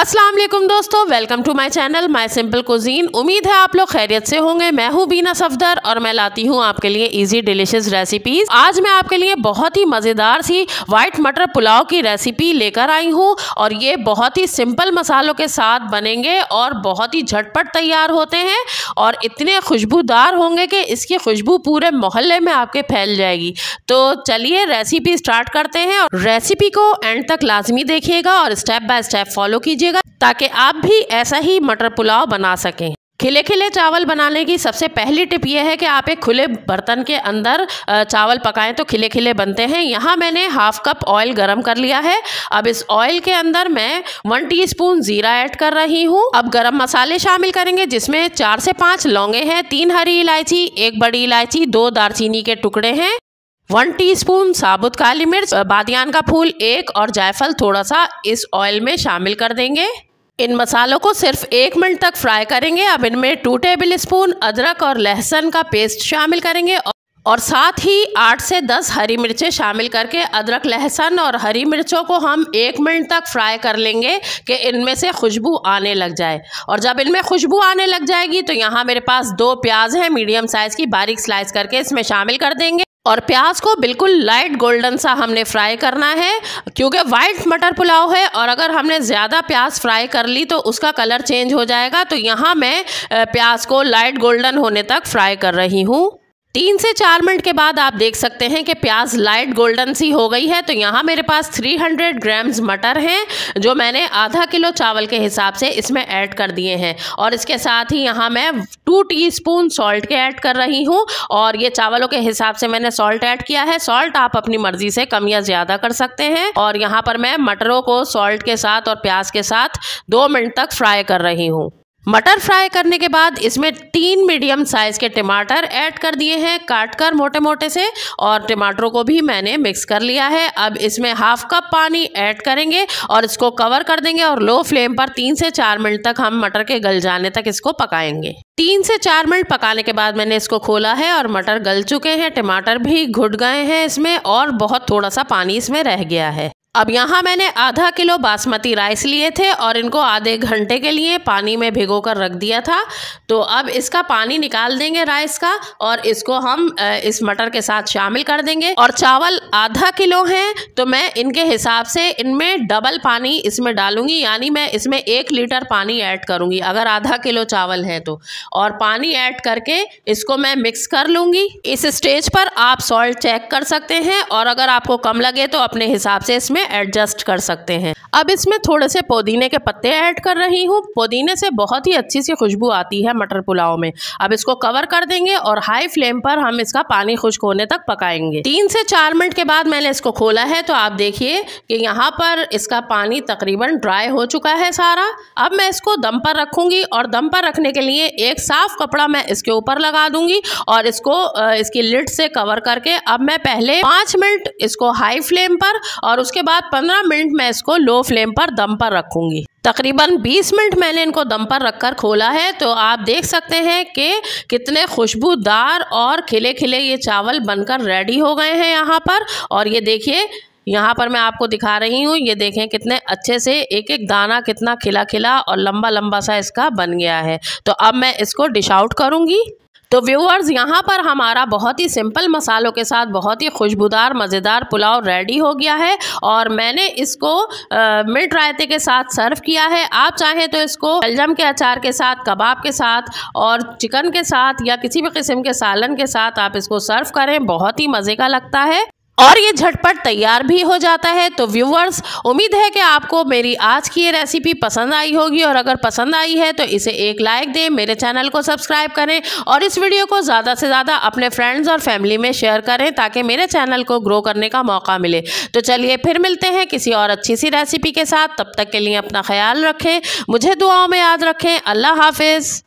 अस्सलाम वालेकुम दोस्तों welcome to my channel my simple cuisine उम्मीद है आप लोग खैरियत से होंगे मैं हूँ बीना सफदर और मैं लाती हूँ आपके लिए इजी डिलीशियस रेसिपीज आज मैं आपके लिए बहुत ही मज़ेदार सी वाइट मटर पुलाव की रेसिपी लेकर आई हूँ और ये बहुत ही सिंपल मसालों के साथ बनेंगे और बहुत ही झटपट तैयार होते हैं और इतने खुशबूदार होंगे कि इसकी खुशबू पूरे मोहल्ले में आपके फैल जाएगी तो चलिए रेसिपी स्टार्ट करते हैं और रेसिपी को एंड तक लाजमी देखिएगा और स्टेप बाय स्टेप फॉलो कीजिए लीजिएगा ताकि आप भी ऐसा ही मटर पुलाव बना सकें खिले खिले चावल बनाने की सबसे पहली टिप यह है कि आप एक खुले बर्तन के अंदर चावल पकाएं तो खिले खिले बनते हैं यहाँ मैंने हाफ कप ऑयल गरम कर लिया है अब इस ऑयल के अंदर मैं वन टीस्पून जीरा ऐड कर रही हूँ अब गरम मसाले शामिल करेंगे जिसमें चार से पांच लौंगे हैं तीन हरी इलायची एक बड़ी इलायची दो दारचीनी के टुकड़े हैं वन टीस्पून साबुत काली मिर्च बादियान का फूल एक और जायफल थोड़ा सा इस ऑयल में शामिल कर देंगे इन मसालों को सिर्फ एक मिनट तक फ्राई करेंगे अब इनमें टू टेबल स्पून अदरक और लहसुन का पेस्ट शामिल करेंगे और साथ ही आठ से दस हरी मिर्चें शामिल करके अदरक लहसुन और हरी मिर्चों को हम एक मिनट तक फ्राई कर लेंगे कि इनमें से खुशबू आने लग जाए और जब इनमें खुशबू आने लग जाएगी तो यहाँ मेरे पास दो प्याज हैं मीडियम साइज़ की बारीक स्लाइस करके इसमें शामिल कर देंगे और प्याज को बिल्कुल लाइट गोल्डन सा हमने फ्राई करना है क्योंकि वाइट मटर पुलाव है और अगर हमने ज़्यादा प्याज फ्राई कर ली तो उसका कलर चेंज हो जाएगा तो यहाँ मैं प्याज को लाइट गोल्डन होने तक फ्राई कर रही हूँ तीन से चार मिनट के बाद आप देख सकते हैं कि प्याज लाइट गोल्डन सी हो गई है तो यहाँ मेरे पास 300 ग्राम्स मटर हैं जो मैंने आधा किलो चावल के हिसाब से इसमें ऐड कर दिए हैं और इसके साथ ही यहाँ मैं टू टीस्पून सॉल्ट के ऐड कर रही हूँ और ये चावलों के हिसाब से मैंने सॉल्ट ऐड किया है सॉल्ट आप अपनी मर्जी से कम या ज़्यादा कर सकते हैं और यहाँ पर मैं मटरों को सॉल्ट के साथ और प्याज के साथ दो मिनट तक फ्राई कर रही हूँ मटर फ्राई करने के बाद इसमें तीन मीडियम साइज़ के टमाटर ऐड कर दिए हैं काट कर मोटे मोटे से और टमाटरों को भी मैंने मिक्स कर लिया है अब इसमें हाफ कप पानी ऐड करेंगे और इसको कवर कर देंगे और लो फ्लेम पर तीन से चार मिनट तक हम मटर के गल जाने तक इसको पकाएंगे तीन से चार मिनट पकाने के बाद मैंने इसको खोला है और मटर गल चुके हैं टमाटर भी घुट गए हैं इसमें और बहुत थोड़ा सा पानी इसमें रह गया है अब यहाँ मैंने आधा किलो बासमती राइस लिए थे और इनको आधे घंटे के लिए पानी में भिगो कर रख दिया था तो अब इसका पानी निकाल देंगे राइस का और इसको हम इस मटर के साथ शामिल कर देंगे और चावल आधा किलो हैं तो मैं इनके हिसाब से इनमें डबल पानी इसमें डालूंगी यानी मैं इसमें एक लीटर पानी ऐड करूँगी अगर आधा किलो चावल है तो और पानी ऐड करके इसको मैं मिक्स कर लूँगी इस स्टेज पर आप सॉल्ट चेक कर सकते हैं और अगर आपको कम लगे तो अपने हिसाब से इसमें में एडजस्ट कर सकते हैं अब इसमें थोड़े से पुदीने के पत्ते ऐड कर रही हूँ पुदीने से बहुत ही अच्छी सी खुशबू आती है मटर पुलाव में अब इसको कवर कर देंगे और हाई फ्लेम पर हम इसका पानी खुश्क होने तक पकाएंगे तीन से चार मिनट के बाद मैंने इसको खोला है तो आप देखिए कि यहाँ पर इसका पानी तकरीबन ड्राई हो चुका है सारा अब मैं इसको दम पर रखूंगी और दम पर रखने के लिए एक साफ कपड़ा मैं इसके ऊपर लगा दूंगी और इसको इसकी लिड से कवर करके अब मैं पहले पांच मिनट इसको हाई फ्लेम पर और उसके बाद बाद 15 मिनट मैं इसको लो फ्लेम पर दम पर रखूंगी तकरीबन 20 मिनट मैंने इनको दम पर रखकर खोला है तो आप देख सकते हैं कि कितने खुशबूदार और खिले खिले ये चावल बनकर रेडी हो गए हैं यहाँ पर और ये देखिए यहाँ पर मैं आपको दिखा रही हूँ ये देखें कितने अच्छे से एक एक दाना कितना खिला खिला और लंबा लंबा सा इसका बन गया है तो अब मैं इसको डिश आउट करूँगी तो व्यूअर्स यहाँ पर हमारा बहुत ही सिंपल मसालों के साथ बहुत ही खुशबूदार मज़ेदार पुलाव रेडी हो गया है और मैंने इसको मिर्च रायते के साथ सर्व किया है आप चाहें तो इसको बलजम के अचार के साथ कबाब के साथ और चिकन के साथ या किसी भी किस्म के सालन के साथ आप इसको सर्व करें बहुत ही मज़े का लगता है और ये झटपट तैयार भी हो जाता है तो व्यूवर्स उम्मीद है कि आपको मेरी आज की ये रेसिपी पसंद आई होगी और अगर पसंद आई है तो इसे एक लाइक दें मेरे चैनल को सब्सक्राइब करें और इस वीडियो को ज़्यादा से ज़्यादा अपने फ्रेंड्स और फैमिली में शेयर करें ताकि मेरे चैनल को ग्रो करने का मौका मिले तो चलिए फिर मिलते हैं किसी और अच्छी सी रेसिपी के साथ तब तक के लिए अपना ख्याल रखें मुझे दुआओं में याद रखें अल्लाह हाफिज़